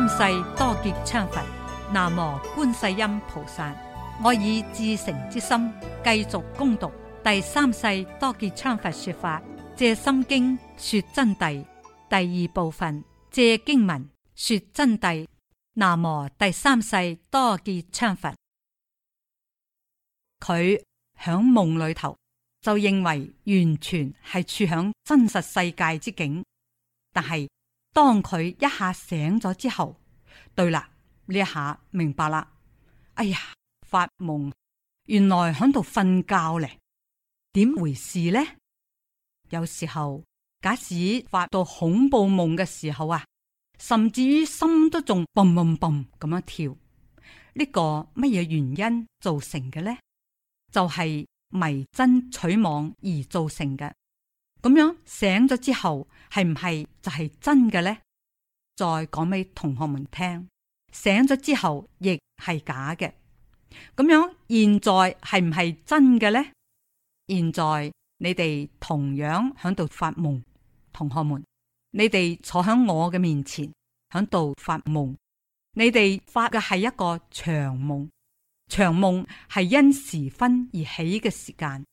三世多杰羌佛，南無觀世音菩薩。我以至誠之心，繼續恭讀第三世多杰羌佛說法《藉心經》說真諦第二部分《藉經文說真諦》，南無第三世多杰羌佛。佢喺夢裏頭就認為完全係處喺真實世界之境，但係，當佢一下醒咗之後，對啦，呢一下明白啦。哎呀，發夢，原來響度瞓覺咧，點回事呢？有時候，假使發到恐怖夢嘅時候啊，甚至於心都仲嘣嘣嘣咁樣跳，呢、這個乜嘢原因造成嘅呢？就係、是、迷真取妄而造成嘅。咁樣醒咗之後，係唔係就係真嘅呢？再講俾同學們聽，醒咗之後亦係假嘅。咁樣現在係唔係真嘅呢？現在你哋同樣喺度發夢，同學們，你哋坐響我嘅面前，喺度發夢。你哋發嘅係一個長夢，長夢係因時分而起嘅時間，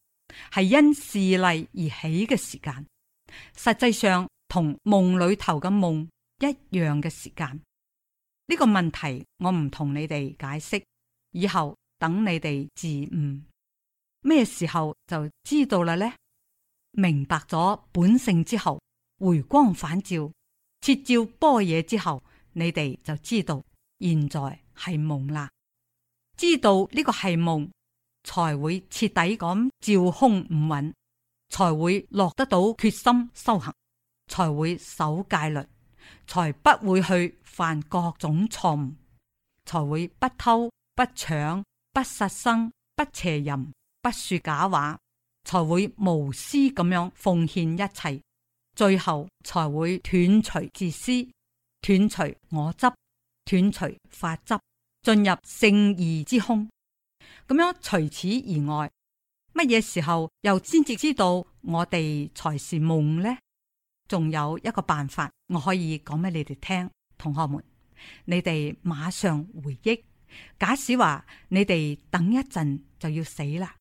係因事例而起嘅時間，實際上同夢裏頭嘅夢一樣嘅時間。呢、這個問題我唔同你哋解釋，以後等你哋自悟。咩時候就知道啦？呢，明白咗本性之後，回光返照，徹照般若之後，你哋就知道現在係夢啦。知道呢個係夢。才會徹底咁照空唔穩，才會落得到決心修行，才會守戒律，才不會去犯各種錯誤，才會不偷不搶不殺生不邪淫不說假話，才會無私咁樣奉獻一切，最後才會斷除自私，斷除我執，斷除法執，進入聖義之空。咁樣，除此而外，乜嘢時候又先至知道我哋才是夢呢？仲有一個辦法，我可以講俾你哋聽，同學們，你哋馬上回憶。假使話你哋等一陣就要死啦，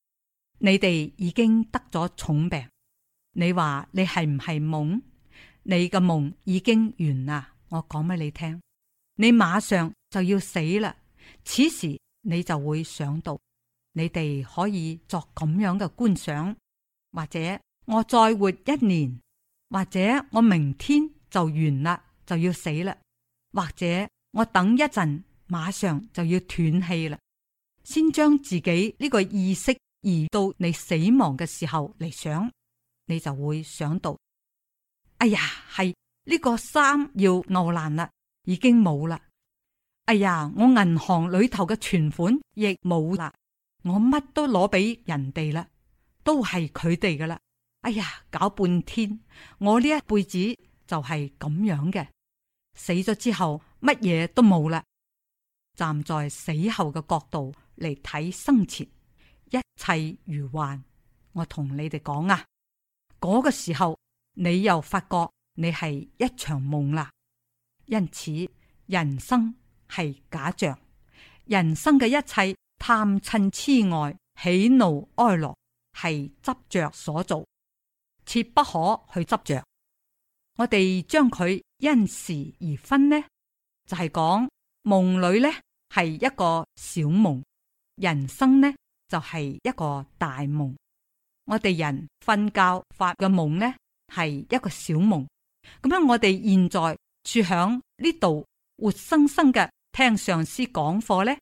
你哋已經得咗重病，你話你係唔係夢？你嘅夢已經完啦。我講俾你聽，你馬上就要死啦。此時你就會想到。你哋可以作咁樣嘅觀想，或者我再活一年，或者我明天就完啦，就要死啦，或者我等一陣，馬上就要斷氣啦，先將自己呢個意識移到你死亡嘅時候嚟想，你就會想到，哎呀，係呢、這個衫要拗爛啦，已經冇啦，哎呀，我銀行裏頭嘅存款亦冇啦。我乜都攞俾人哋啦，都係佢哋噶啦。哎呀，搞半天，我呢一輩子就係咁樣嘅，死咗之後乜嘢都冇啦。站在死後嘅角度嚟睇生前，一切如幻。我同你哋講啊，嗰個時候你又發覺你係一場夢啦。因此，人生係假象，人生嘅一切。貪嗔癡愛喜怒哀樂係執着所做，切不可去執着。我哋將佢因時而分呢，就係講夢裏呢係一個小夢，人生呢就係、是、一個大夢。我哋人瞓覺發嘅夢呢係一個小夢，咁樣我哋現在住響呢度活生生嘅聽上司講課呢，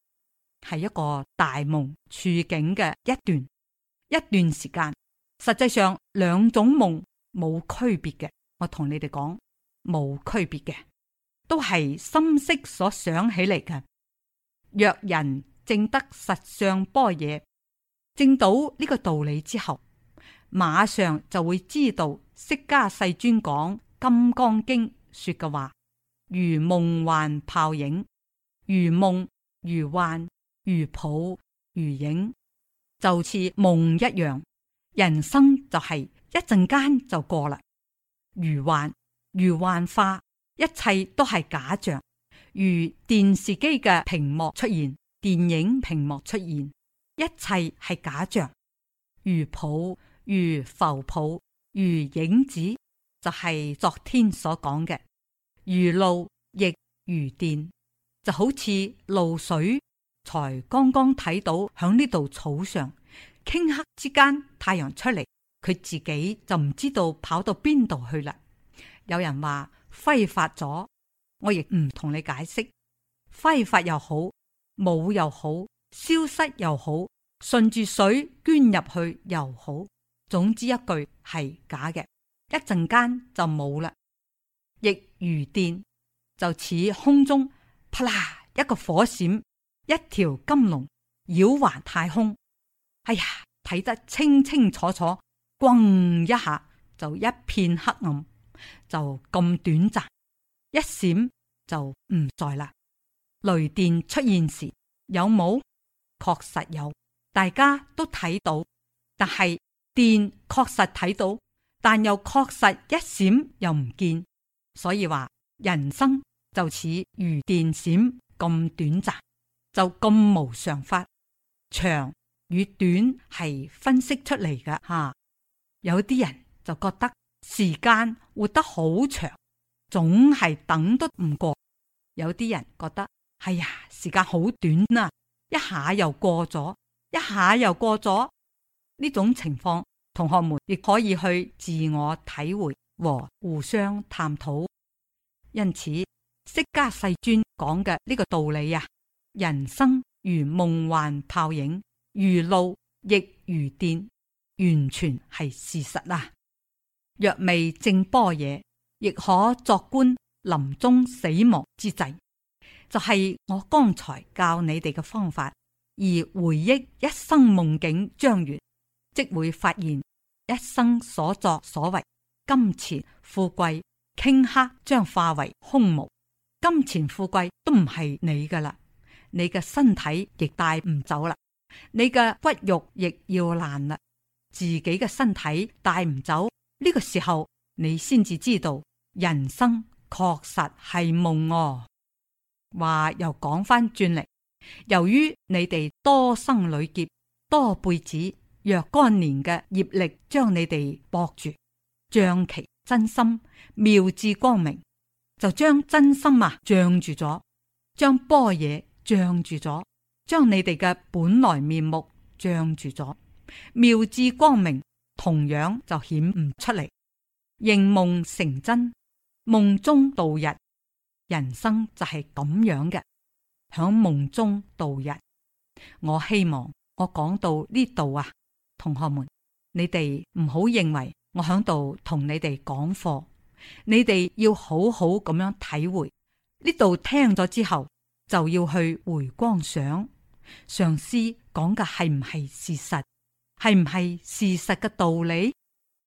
係一個大夢處境嘅一段一段時間，實際上兩種夢冇區別嘅。我同你哋講冇區別嘅，都係心色所想起嚟嘅。若人正得實相般若，正到呢個道理之後，馬上就會知道釋迦世尊講《金剛經》說嘅話，如夢幻泡影，如夢如幻。如泡如影，就似夢一樣。人生就係一陣間就過啦。如幻如幻化，一切都係假象。如電視機嘅屏幕出現，電影屏幕出現，一切係假象。如泡，如浮泡，如影子，就係昨天所講嘅。如露亦如電，就好似露水。才剛剛睇到響呢度草上，頃刻之間太陽出嚟，佢自己就唔知道跑到邊度去啦。有人話揮發咗，我亦唔同你解釋，揮發又好，冇又好，消失又好，順住水捐入去又好，總之一句係假嘅，一陣間就冇啦，亦如電，就似空中啪啦一個火閃。一條金龍繞環太空，哎呀，睇得清清楚楚，咣一下就一片黑暗，就咁短暫，一閃就唔在啦。雷電出現時有冇？確實有，大家都睇到，但係電確實睇到，但又確實一閃又唔見，所以話人生就似如電閃咁短暫。就咁無常法，法長與短係分析出嚟㗎吓。有啲人就覺得時間活得好長，總係等都唔過；有啲人覺得哎呀，時間好短啊，一下又過咗，一下又過咗。呢種情況，同學們亦可以去自我體會和互相探討。因此，釋迦世尊講嘅呢個道理呀、啊。人生如夢幻泡影，如露亦如電，完全係事實啊！若未正般若，亦可作觀臨終死亡之際，就係、是、我剛才教你哋嘅方法。而回憶一生夢境將完，即會發現一生所作所為，金錢富貴頃刻將化為空無，金錢富貴都唔係你噶啦。你嘅身體亦帶唔走啦，你嘅骨肉亦要爛啦。自己嘅身體帶唔走呢、這個時候，你先至知道人生確實係夢哦。話又講翻轉嚟，由於你哋多生累劫多輩子若干年嘅業力將，將你哋搏住象其真心妙智光明，就將真心啊象住咗，將般若。障住咗，將你哋嘅本來面目障住咗，妙智光明同樣就顯唔出嚟。認夢成真，夢中度日，人生就係咁樣嘅，響夢中度日。我希望我講到呢度啊，同學們，你哋唔好認為我響度同你哋講課，你哋要好好咁樣體會呢度聽咗之後。就要去回光想，上師講嘅係唔係事實，係唔係事實嘅道理？